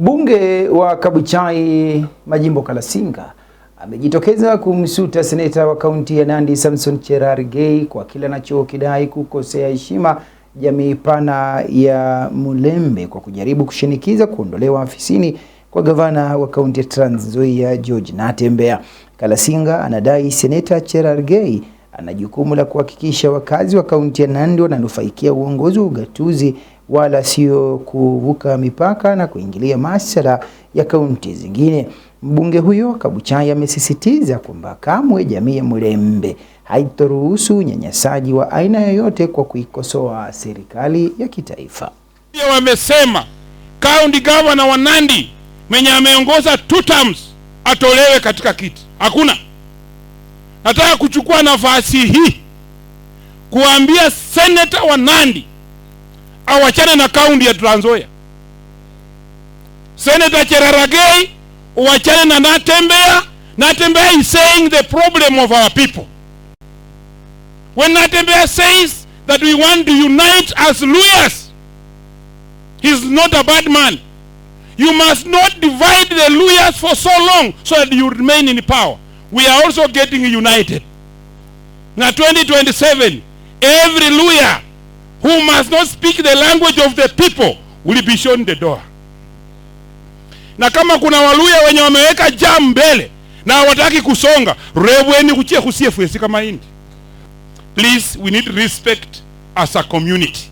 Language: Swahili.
Mbunge wa Kabuchai Majimbo Kalasinga amejitokeza kumsuta seneta wa kaunti ya Nandi Samson Cherargei kwa kile anachokidai kukosea heshima jamii pana ya Mulembe kwa kujaribu kushinikiza kuondolewa afisini kwa gavana wa kaunti ya Trans Nzoia George Natembeya. Kalasinga anadai seneta Cherargei ana jukumu la kuhakikisha wakazi wa kaunti ya Nandi wananufaikia uongozi wa ugatuzi wala sio kuvuka mipaka na kuingilia masuala ya kaunti zingine. Mbunge huyo Kabuchai amesisitiza kwamba kamwe jamii ya Mlembe haitoruhusu unyanyasaji wa aina yoyote kwa kuikosoa serikali ya kitaifa. Pia wamesema kaunti gavana wa Nandi mwenye ameongoza two terms atolewe katika kiti. Hakuna. Nataka kuchukua nafasi hii kuambia seneta wa Nandi awachane na kaunti ya Trans Nzoia. Senator Cheraragei uwachane na Natembeya. Natembeya is saying the problem of our people. When Natembeya says that we want to unite as Luyas, he's not a bad man. You must not divide the Luyas for so long so that you remain in power. We are also getting united. Now 2027, every Luya who must not speak the language of the people will be shown the door. Na kama kuna waluya wenye wameweka jam mbele na hawataki kusonga, reweni kuchie fuesi kama hindi. Please, we need respect as a community.